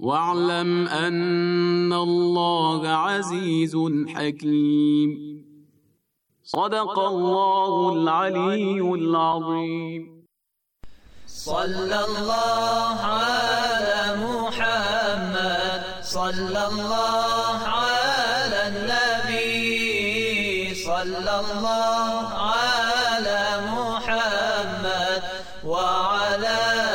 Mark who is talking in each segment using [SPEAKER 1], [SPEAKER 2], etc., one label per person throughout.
[SPEAKER 1] واعلم ان الله عزيز حكيم صدق الله العلي العظيم
[SPEAKER 2] صلى الله على محمد صلى الله على النبي صلى الله على محمد وعلى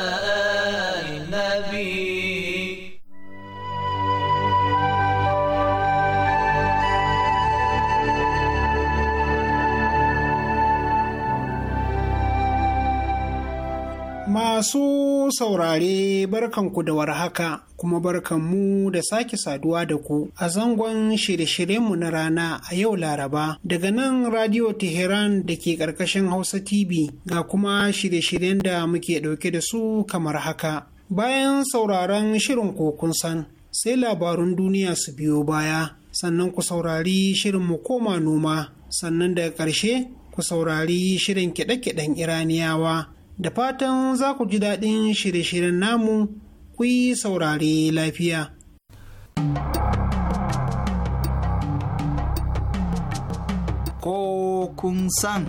[SPEAKER 3] Masu saurare barkanku da warhaka kuma barkanmu da sake saduwa da ku a zangon shirye-shiryenmu na rana a yau Laraba daga nan Radio Teheran da ke ƙarƙashin Hausa TV ga kuma shirye-shiryen da muke ɗauke da su kamar haka. Bayan sauraron shirin kokun san sai labarun duniya su biyo baya sannan ku saurari shirin mu koma noma sannan daga ƙarshe ku saurari shirin kiɗe-kiɗen Iraniyawa. da fatan za ku ji daɗin shirye-shiryen namu ku yi saurare
[SPEAKER 2] lafiya. Ko kun san.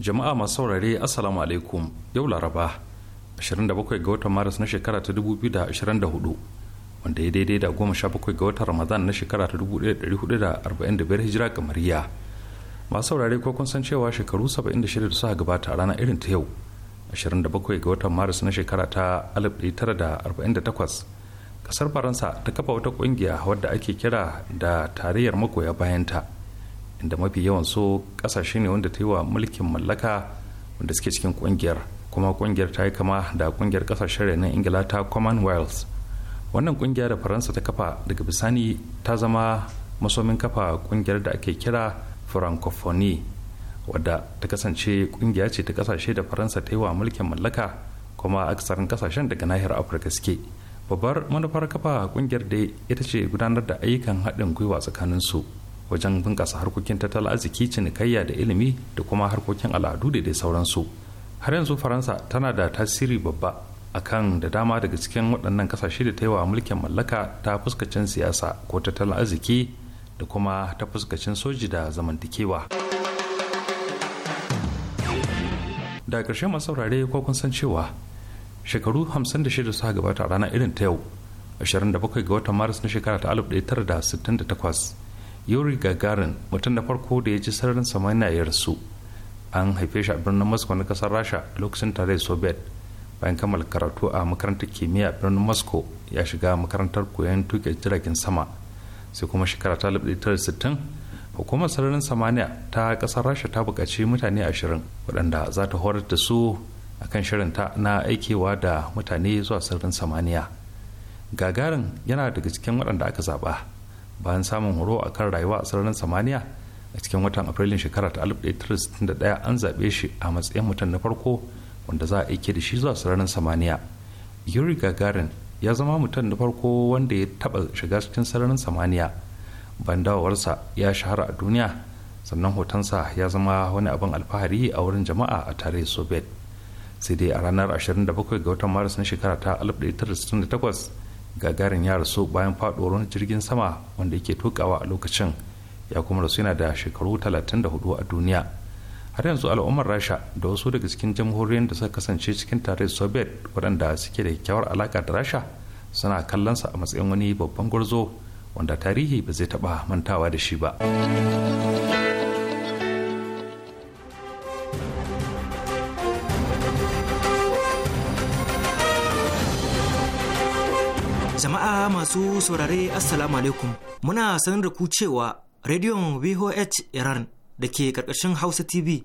[SPEAKER 4] Jama'a masu saurare Assalamu alaikum yau Laraba 27 ga watan Maris na shekara ta 2024. wanda ya daidai da goma sha bakwai ga watan ramadan na shekara ta 1445 hijira kamariya masu saurare ko kun san cewa shekaru 76 da suka gabata a ranar irin ta yau 27 ga watan maris na shekara ta 1948 kasar faransa ta kafa wata kungiya wadda ake kira da tarayyar magoya bayanta inda mafi yawan so kasashe ne wanda ta yi wa mulkin mallaka wanda suke cikin kungiyar kuma kungiyar ta yi kama da kungiyar kasashen renin ingila ta commonwealth wannan kungiya da faransa ta kafa daga bisani ta zama masomin kafa kungiyar da ake kira francophonie wadda ta kasance kungiya ce ta kasashe da faransa ta yi wa mulkin mallaka kuma aksarin kasashen daga nahiyar afirka suke babbar manufar kafa kungiyar da ita ce gudanar da ayyukan haɗin gwiwa tsakanin su wajen bunƙasa harkokin tattalin arziki cinikayya da ilimi da kuma harkokin al'adu da dai sauransu har yanzu faransa tana da tasiri babba akan da dama daga cikin waɗannan kasashe da ta yi wa mulkin mallaka ta fuskacin siyasa ko tattalin arziki da kuma ta fuskacin soji da zamantakewa. da ƙarshe masu saurare ko kun san cewa shekaru 56 suka gabata rana irin ta yau 27 ga watan maris na shekara ta 1968 yuri gagarin mutum na farko da ya ji sararin samaniya ya rasu an haife shi a birnin moscow na kasar rasha lokacin tare soviet bayan kammala karatu a makarantar kimiyya birnin moscow ya shiga makarantar koyon tuke jiragen sama sai kuma shekara ta sittin hukumar sararin samaniya ta kasar rasha ta buƙaci mutane ashirin waɗanda za ta horar da su a kan shirinta na aikewa da mutane zuwa sararin samaniya gagarin yana daga cikin waɗanda aka zaɓa bayan samun horo a kan rayuwa a sararin samaniya a cikin watan afrilun shekara ta 1961 an zaɓe shi a matsayin mutum na farko wanda za a aike da shi zuwa sararin samaniya yuri gagarin ya zama mutum na farko wanda ya taba shiga cikin sararin samaniya bandawarsa ya shahara a duniya sannan hotonsa ya zama wani abin alfahari a wurin jama'a a tare soviet sai dai a ranar 27 ga watan maris na shekara ta 1968 gagarin ya rasu bayan faɗuwar wani jirgin sama wanda yake tukawa a lokacin ya kuma rasu yana da shekaru 34 a duniya har yanzu al'ummar rasha da wasu daga cikin jamhuriyar da suka kasance cikin tarayyar soviet waɗanda suke da kyakkyawar alaƙa da rasha suna kallonsa a matsayin wani babban gwarzo wanda tarihi ba zai taɓa mantawa da shi ba
[SPEAKER 2] jama'a masu saurare assalamu alaikum muna sanar da ku cewa rediyon voh iran
[SPEAKER 4] da ke ƙarƙashin hausa tv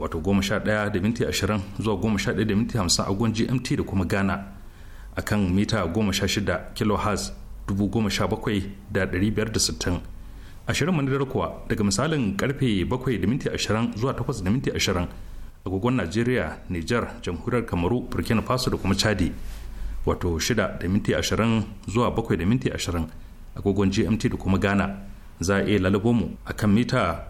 [SPEAKER 4] wato 11.20 zuwa 11.50 da minti gmt da kuma ghana a kan mita 16 kilohertz 17,560 ashirin manadar kuwa daga misalin karfe 7.20 zuwa 8.20 agogon najeriya niger jamhuriyar kamaru burkina faso da kuma chadi wato 6.20 zuwa 7.20 agogon gmt da kuma ghana za a iya lalabo mu a kan mita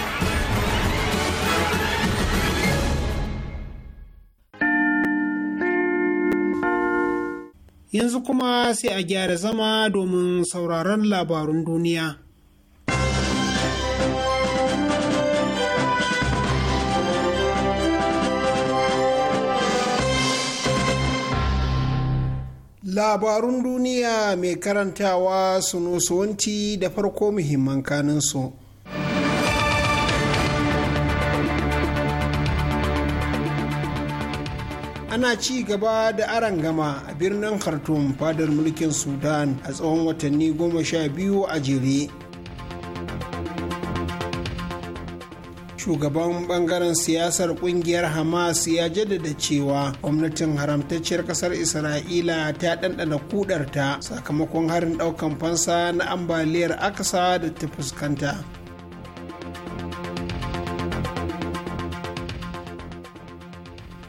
[SPEAKER 3] yanzu kuma sai a gyara zama domin sauraron labarun duniya. Labarun duniya mai karantawa sunusuwanti da farko muhimman kanunsu. ana ci gaba da aron gama a birnin khartoum fadar mulkin sudan a tsawon watanni goma sha biyu a jere shugaban bangaren siyasar kungiyar hamas ya jaddada cewa gwamnatin haramtacciyar kasar isra'ila ta ɗanɗana kudarta sakamakon harin ɗaukan fansa na ambaliyar aksa da ta fuskanta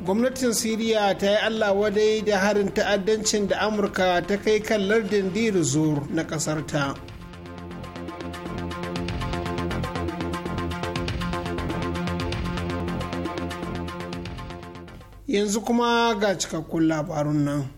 [SPEAKER 3] gwamnatin siriya ta yi allah wadai da harin ta'addancin da amurka ta kai kan lardin dir zur na ƙasarta. ta yanzu kuma ga cikakkun labarun nan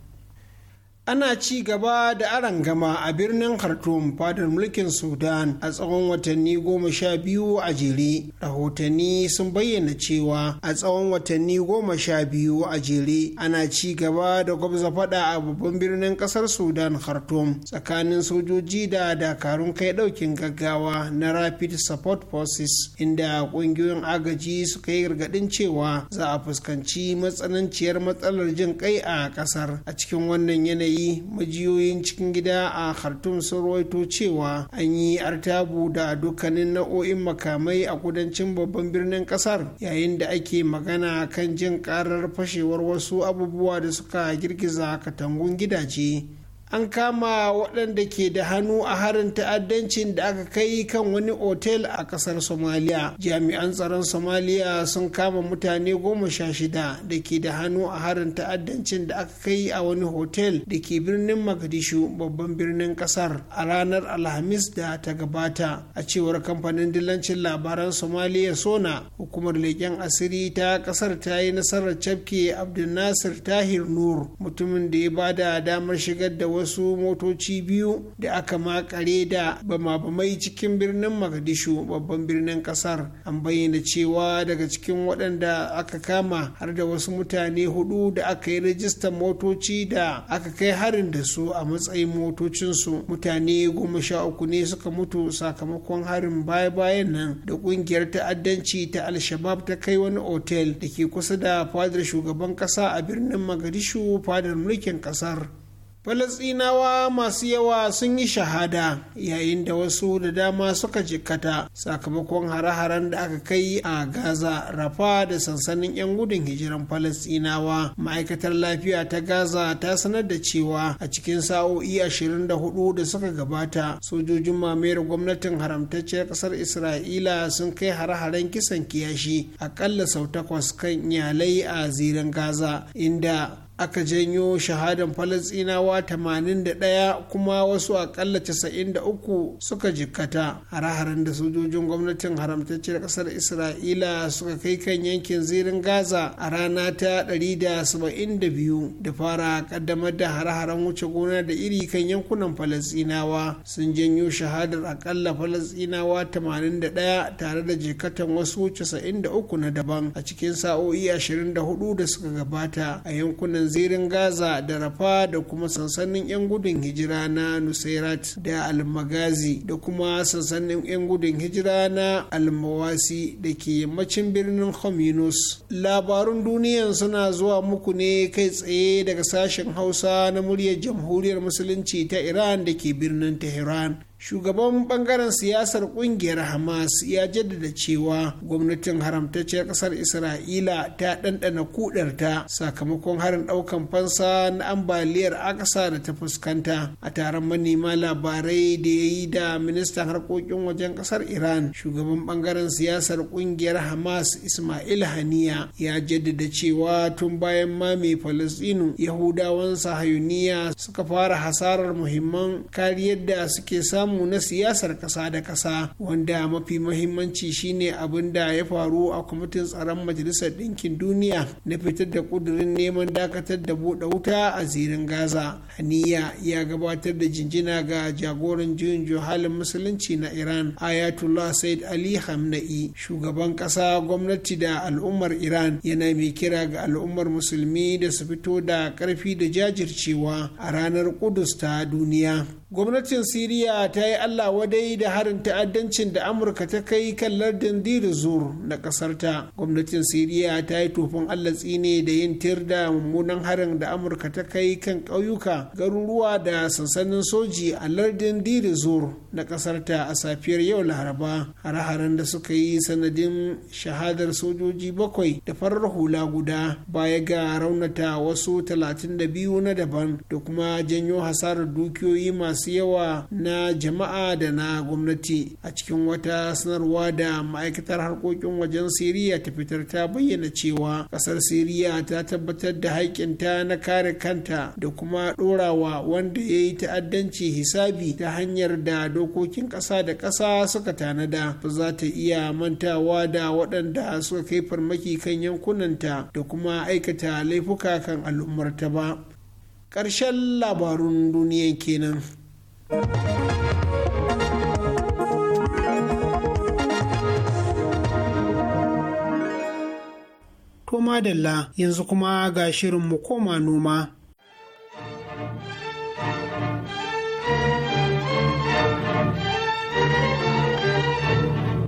[SPEAKER 3] ana ci gaba da arangama a birnin khartoum fadar mulkin sudan a tsawon watanni goma sha biyu a jere rahotanni sun bayyana cewa a tsawon watanni goma sha biyu a jere ana ci gaba da gwabza fada a babban birnin kasar sudan khartoum tsakanin sojoji da dakarun kai daukin gaggawa na rapid support forces inda kungiyoyin agaji suka yi gargadin cewa za a fuskanci matsananciyar matsalar jin kai a kasar a cikin wannan yanayi yi majiyoyin cikin gida a khartoum sun rawaito cewa an yi artabu da dukkanin nau'o'in makamai a kudancin babban birnin kasar yayin da ake magana kan jin karar fashewar wasu abubuwa da suka girgiza katangun gidaje an kama waɗanda ke da hannu a harin ta'addancin da aka kai kan wani otel a ƙasar somaliya jami'an tsaron somaliya sun kama mutane goma sha shida da ke da hannu a harin ta'addancin da aka kai a wani otel da ke birnin magadishu babban birnin ƙasar a ranar alhamis da ta gabata a cewar kamfanin dillancin labaran somaliya sona hukumar leƙen asiri ta ƙasar ta yi nasarar cafke abdulnasir tahir nur mutumin da ya bada damar shigar da wasu wasu motoci biyu da aka makare da bama-bamai cikin birnin Magadishu babban birnin kasar an bayyana cewa daga cikin waɗanda aka kama har da wasu mutane hudu da aka yi rajistar motoci da aka kai harin da su a matsayin motocinsu mutane goma sha uku ne suka mutu sakamakon harin baya-bayan nan da ƙungiyar ta'addanci ta alshabab ta kai wani otel da ke kusa da fadar shugaban ƙasa a birnin Magadishu fadar mulkin ƙasar. falasinawa masu yawa sun yi shahada yayin da wasu da dama suka jikkata sakamakon hare-haren da aka kai a Gaza, Rafa da sansanin 'yan gudun hijiran falasinawa Ma'aikatar lafiya ta Gaza ta sanar da cewa a cikin sa'o'i 24 da suka gabata sojojin mamayar gwamnatin haramtacciyar kasar Isra'ila sun kai hare-haren kisan kiyashi akalla sau takwas kan iyalai a zirin Gaza inda aka janyo shahadan falasinawa 81 kuma wasu akalla 93 suka jikkata hare-haren da sojojin gwamnatin haramtacciyar kasar isra'ila suka kai kan yankin zirin gaza a rana ta 172 da fara kaddamar da hare wuce gona da iri kan yankunan falasinawa sun janyo shahadar akalla falasinawa 81 tare da jikatan wasu 93 na daban a cikin sa'o'i 24 da suka gabata a yankunan yankunan zirin gaza da rafa da kuma sansanin 'yan gudun hijira na nusairat da almagazi da kuma sansanin 'yan gudun hijira na almawasi da ke yammacin birnin hominus labarun duniyan suna zuwa muku ne kai tsaye daga sashen hausa na muryar jamhuriyar musulunci ta iran da ke birnin tehran shugaban bangaren siyasar kungiyar hamas ya jaddada cewa gwamnatin haramtacciyar kasar isra'ila ta ɗanɗana kudarta sakamakon harin ɗaukan fansa na ambaliyar akasa da ta fuskanta a taron manema labarai da ya yi da ministan harkokin wajen kasar iran shugaban bangaren siyasar kungiyar hamas ismail haniya ya jaddada cewa tun bayan mame falasɗinu yahudawan sahayuniya suka fara hasarar muhimman kariyar da suke samu mu na siyasar kasa da kasa wanda mafi mahimmanci shine abin da ya faru a kwamitin tsaron majalisar ɗinkin duniya na fitar da ƙudurin neman dakatar da buɗe wuta a zirin gaza haniya ya gabatar da jinjina ga jagoran juyin johalin musulunci na iran ayatollah said ali hamna'i shugaban kasa gwamnati da al'ummar iran yana mai kira ga al'ummar musulmi da su fito da ƙarfi da jajircewa a ranar ƙudus ta duniya gwamnatin siriya ta yi allah wadai da harin ta'addancin da amurka ta kai kan lardin dir zur na kasarta gwamnatin siriya ta yi tofin allah tsine da yin tir da mummunan harin da amurka ta kai kan ƙauyuka garuruwa da sansanin soji a lardin dir zur na kasarta a safiyar yau laraba hare-haren da suka yi sanadin shahadar sojoji bakwai da farar hula guda baya ga raunata wasu talatin da biyu na daban da kuma janyo hasarar dukiyoyi masu masu yawa na jama'a da na gwamnati a cikin wata sanarwa da ma'aikatar harkokin wajen siriya ta fitar ta bayyana cewa kasar siriya ta tabbatar da haƙƙinta na kare kanta da kuma ɗorawa wanda ya yi ta'addanci hisabi ta hanyar da dokokin ƙasa da ƙasa suka tanada ba za ta iya mantawa da waɗanda suka kai farmaki kan yankunanta da kuma aikata laifuka kan al'ummarta ba ƙarshen labarun duniya kenan. To madalla yanzu kuma ga shirin mu koma noma.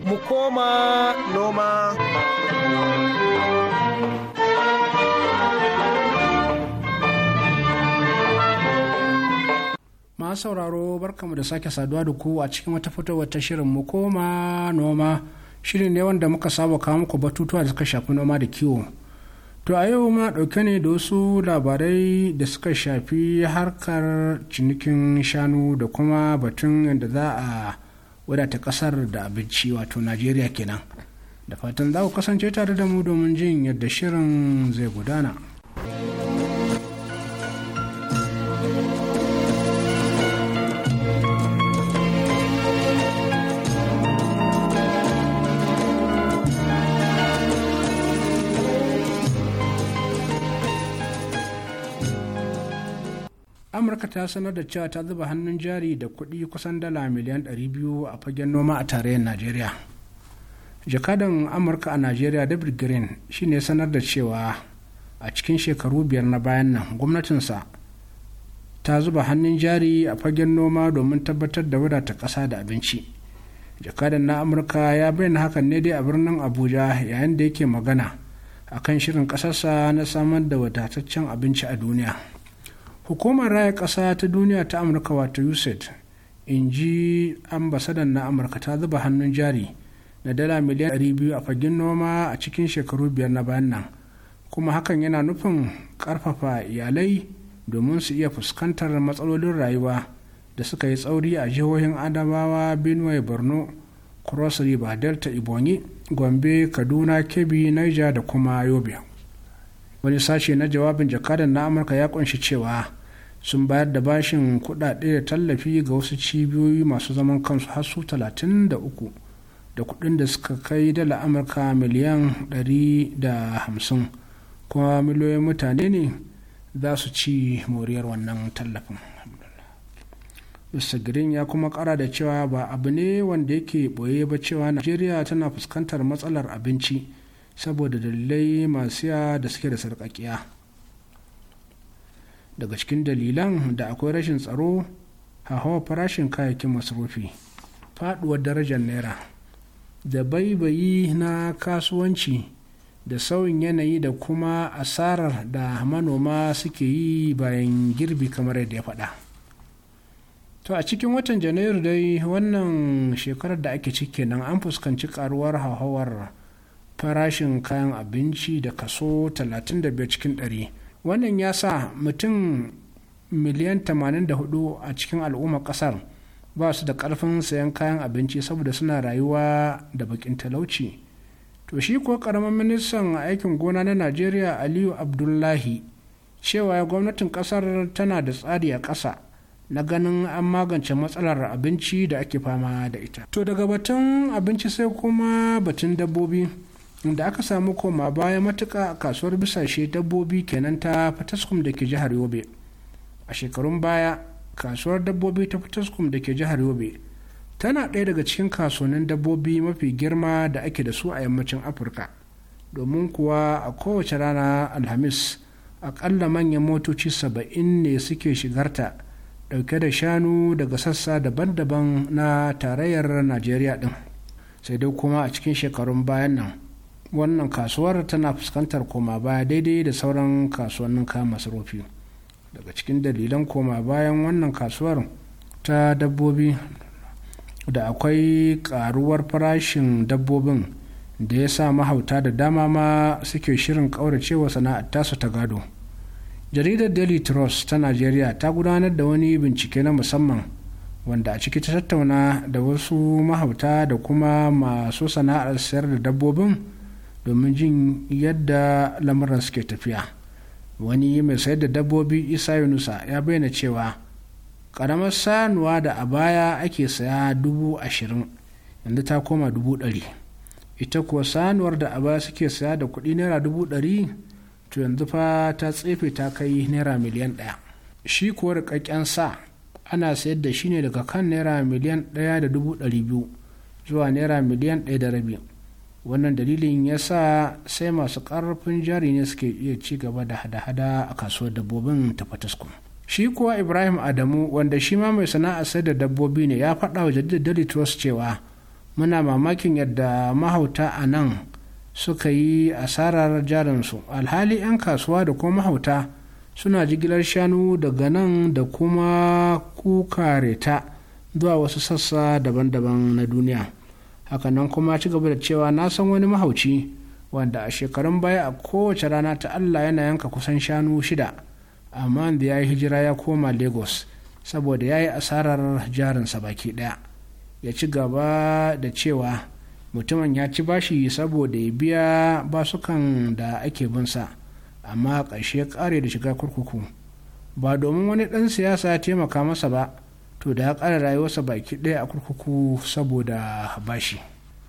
[SPEAKER 5] Mu koma noma.
[SPEAKER 6] sauraro barkamu da sake saduwa da ku a cikin wata fitowar ta shirin mu koma noma shirin ne wanda muka saba kawo muku batutuwa da suka shafi noma da kiwo to a yau muna dauke ne da wasu labarai da suka shafi harkar cinikin shanu da kuma batun yadda za a wadata kasar da abinci wato najeriya kenan da fatan za ku kasance tare da mu domin jin yadda shirin zai gudana. amurka ta sanar da cewa ta zuba hannun jari da kuɗi kusan dala miliyan 200 a fagen noma a tarayyar najeriya jakadan amurka a najeriya david green shine sanar da cewa a cikin shekaru biyar na bayan nan gwamnatinsa ta zuba hannun jari a fagen noma domin tabbatar da wadata ƙasa da abinci jakadan na amurka ya bayyana hakan ne dai a birnin abuja yayin da yake magana akan shirin ƙasarsa na samar da wadataccen abinci a duniya hukumar raya ƙasa ta duniya ta amurka wato usaid in ji ambasadan na amurka ta zuba hannun jari na dala miliyan 200 a fagen noma a cikin shekaru biyar na bayan nan kuma hakan yana nufin karfafa iyalai domin su iya fuskantar matsalolin rayuwa da suka yi tsauri a jihohin adamawa benue borno cross river delta ibonyi gombe kaduna kebbi niger da kuma yobe wani sashe na jawabin jakadan na amurka ya kunshi cewa sun bayar da bashin kuɗaɗe da tallafi ga wasu cibiyoyi masu zaman kansu har su 33 da kudin da suka kai dala amurka miliyan 150 kuma miliyoyin mutane ne za su ci moriyar wannan tallafin Green ya kuma kara da cewa ba abu ne wanda yake ɓoye ba cewa najeriya tana fuskantar matsalar abinci saboda dalilai masu da suke da sarƙaƙiya. daga cikin dalilan da akwai rashin tsaro hawa farashin kayayyakin masarufi faduwar darajar naira da baibayi na kasuwanci da sauyin yanayi da kuma asarar da manoma suke yi bayan girbi kamar yadda ya faɗa to a cikin watan janairu dai wannan shekarar da ake ciki nan an fuskanci karuwar hauhawar farashin kayan abinci da kaso 35 cikin ɗari. wannan ya sa mutum miliyan 84 a cikin al'ummar kasar ba su da karfin sayan kayan abinci saboda suna rayuwa da bakin talauci to shi ko karamin ministan aikin gona na najeriya aliyu abdullahi cewa gwamnatin kasar tana da tsari a kasa na ganin an magance matsalar abinci da ake fama da ita to daga batun abinci sai kuma batun dabbobi inda aka samu koma baya matuka a kasuwar bisashe dabbobi kenan ta fataskum da ke jihar yobe a shekarun baya kasuwar dabbobi ta fataskum da ke jihar yobe tana ɗaya daga cikin kasuwannin dabbobi mafi girma da ake da su a yammacin afirka domin kuwa a kowace rana alhamis aƙalla manyan motoci saba'in ne suke shigarta ɗauke da shanu daga sassa daban-daban na tarayyar najeriya ɗin sai dai kuma a cikin shekarun bayan nan wannan kasuwar tana fuskantar koma baya daidai da sauran kasuwannin kayan masarufi daga cikin dalilan koma bayan wannan kasuwar ta dabbobi da akwai karuwar farashin dabbobin da ya sa mahauta da dama ma suke shirin ƙauracewa sana'ar tasu ta gado jaridar daily trust ta najeriya ta gudanar da wani bincike na musamman wanda a ciki ta tattauna da wasu mahauta da kuma masu sana'ar sayar da dabbobin domin jin yadda lamuran suke tafiya wani mai sayar da dabbobi isa yunusa ya bayyana cewa ƙaramar sanuwa da a baya ake saya dubu ashirin yanzu ta koma dubu ɗari ita kuwa sanuwar da a baya suke saya da kuɗi naira dubu ɗari to yanzu fa ta tsefe ta kai naira miliyan ɗaya shi kuwa rikakken sa ana sayar da shi ne daga kan naira miliyan ɗaya da dubu ɗari biyu zuwa naira miliyan ɗaya da rabi wannan dalilin ya sa sai masu ƙarfin jari ne suke iya ci gaba da hada-hada a kasuwar dabbobin ta shi kuwa ibrahim adamu wanda shi ma mai sana'a sai da dabbobi ne ya faɗa wa jaridar daily trust cewa muna mamakin yadda mahauta a nan suka yi asarar jarinsu alhali 'yan kasuwa da kuma mahauta suna jigilar shanu daga nan da kuma kukareta zuwa wasu sassa daban-daban na duniya hakanan kuma ci gaba da cewa na san wani mahauci wanda a shekarun baya a kowace rana ta allah yana yanka kusan shanu shida amma da ya yi hijira ya koma lagos saboda ya yi asarar jarinsa baki daya ya ci gaba da cewa mutumin ya ci bashi saboda ya biya basukan da ake binsa amma ƙarshe kare da shiga kurkuku ba domin wani ɗan siyasa ya taimaka masa ba to da ya kara rayuwarsa baki ɗaya a kurkuku saboda bashi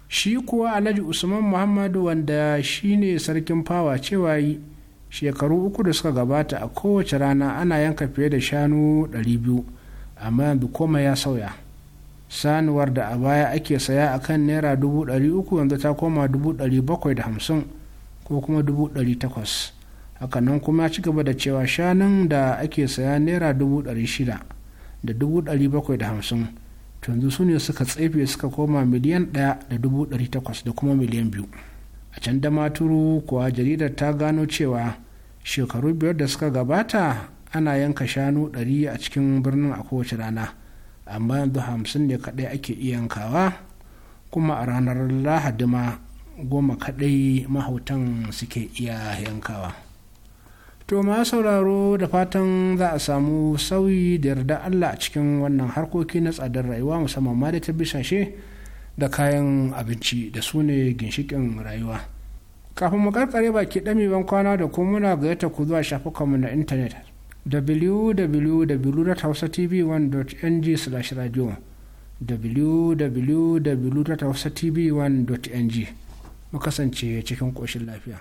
[SPEAKER 6] shi kuwa alhaji usman muhammadu wanda shi ne sarkin fawa cewa yi shekaru uku da suka gabata a kowace rana ana yanka fiye da shanu 200 amma yanzu komai ya sauya sanuwar da a baya ake saya a kan naira 300 yanzu ta koma 750 ko kuma 800 hakanan kuma ya ci gaba da cewa shanun da ake saya naira 600 da dubu ɗari bakwai da hamsin to yanzu su ne suka tsefe suka koma miliyan ɗaya da dubu ɗari takwas da kuma miliyan biyu a can da maturu kuwa jaridar ta gano cewa shekaru biyar da suka gabata ana yanka shanu ɗari a cikin birnin a kowace rana amma yanzu hamsin ne kaɗai ake iya yankawa kuma a ranar lahadi ma goma kaɗai mahautan suke iya yankawa. to ma sauraro da fatan za a samu sauyi da yarda allah a cikin wannan harkoki na tsadar rayuwa musamman ma da ta bisashe da kayan abinci da su ne ginshikin rayuwa kafin mu karkare baki dami ban kwana da kuma muna gayyata ku zuwa shafukanmu na intanet www.hausatv1.ng/radio www.hausatv1.ng mu kasance cikin ƙoshin lafiya.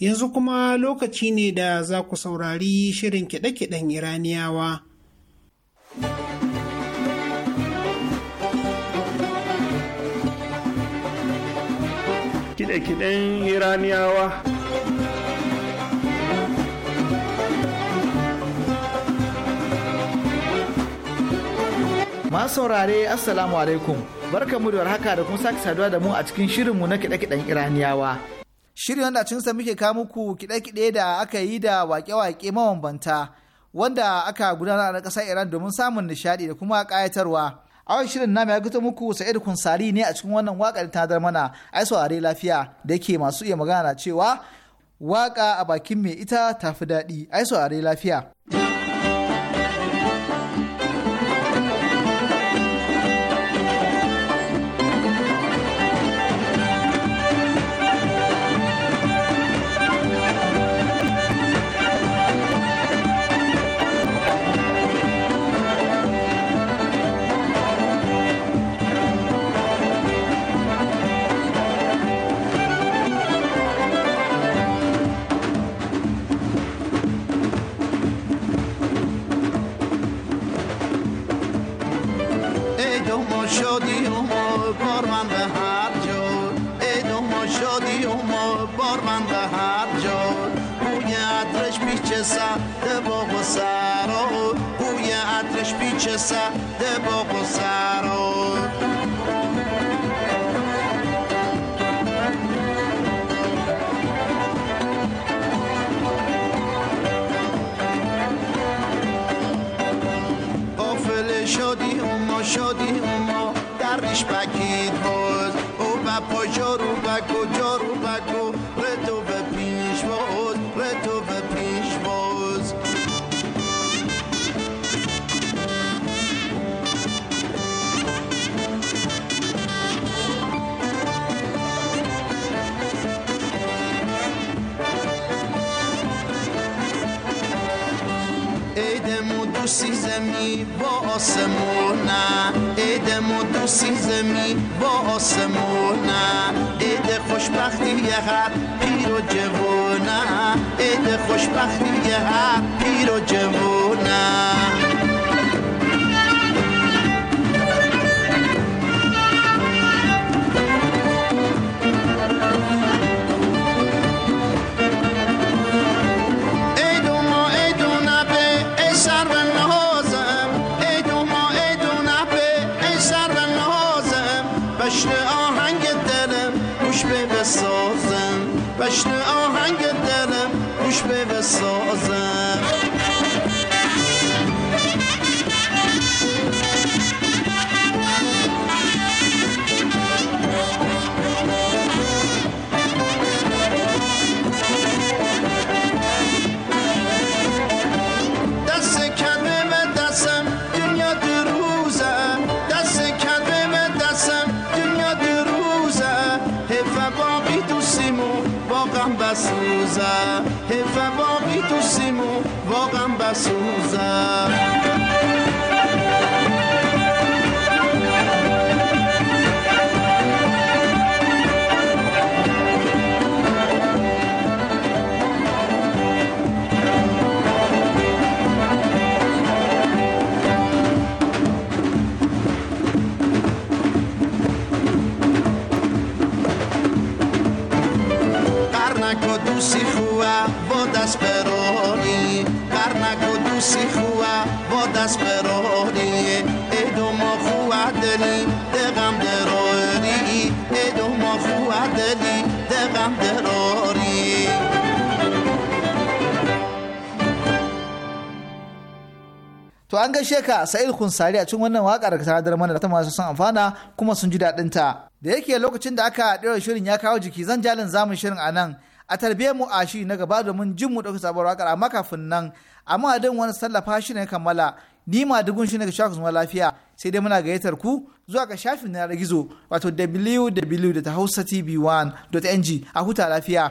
[SPEAKER 3] Yanzu kuma lokaci ne da za ku saurari shirin kiɗe-kiɗen Iraniyawa. kide-kiden iraniyawa
[SPEAKER 2] saurare assalamu alaikum barkamu da haka da kun sake saduwa da mu a cikin shirinmu na kiɗe-kiɗen iraniyawa shirin wanda cin sa muke kawo muku kiɗe-kiɗe da aka yi da wake-wake mabambanta wanda aka gudanar a ƙasar iran domin samun nishaɗi da kuma ƙayatarwa awon shirin na ya gito muku sa'id kunsari ne a cikin wannan waƙar ta dar mana ai saurare lafiya da yake masu iya magana cewa waƙa a bakin mai ita tafi daɗi ai saurare lafiya.
[SPEAKER 1] Manchester, de Bobo. دوستی زمین با آسمونه عید ما دوستی زمین با آسمونه عید خوشبختی یه هر پیر و جوونه عید خوشبختی یه هر پیر و جوونه se rua, e do mo deli, de gam
[SPEAKER 2] de To an gaishe ka Sa'id Kunsari a cikin wannan waƙar ka sadar mana da ta masu son amfana kuma sun ji daɗin ta. Da yake lokacin da aka ɗaura shirin ya kawo jiki zan jalin zamun shirin a nan a tarbiyyar mu a shi na gaba domin jin mu ɗauki sabuwar waƙar amma kafin nan amma adin wani sallafa shi ne kammala ni ma dugun shi ne ga shafin zuma lafiya sai dai muna gayyatar ku zuwa ga shafin na gizo wato www.hausatv1.ng a huta lafiya.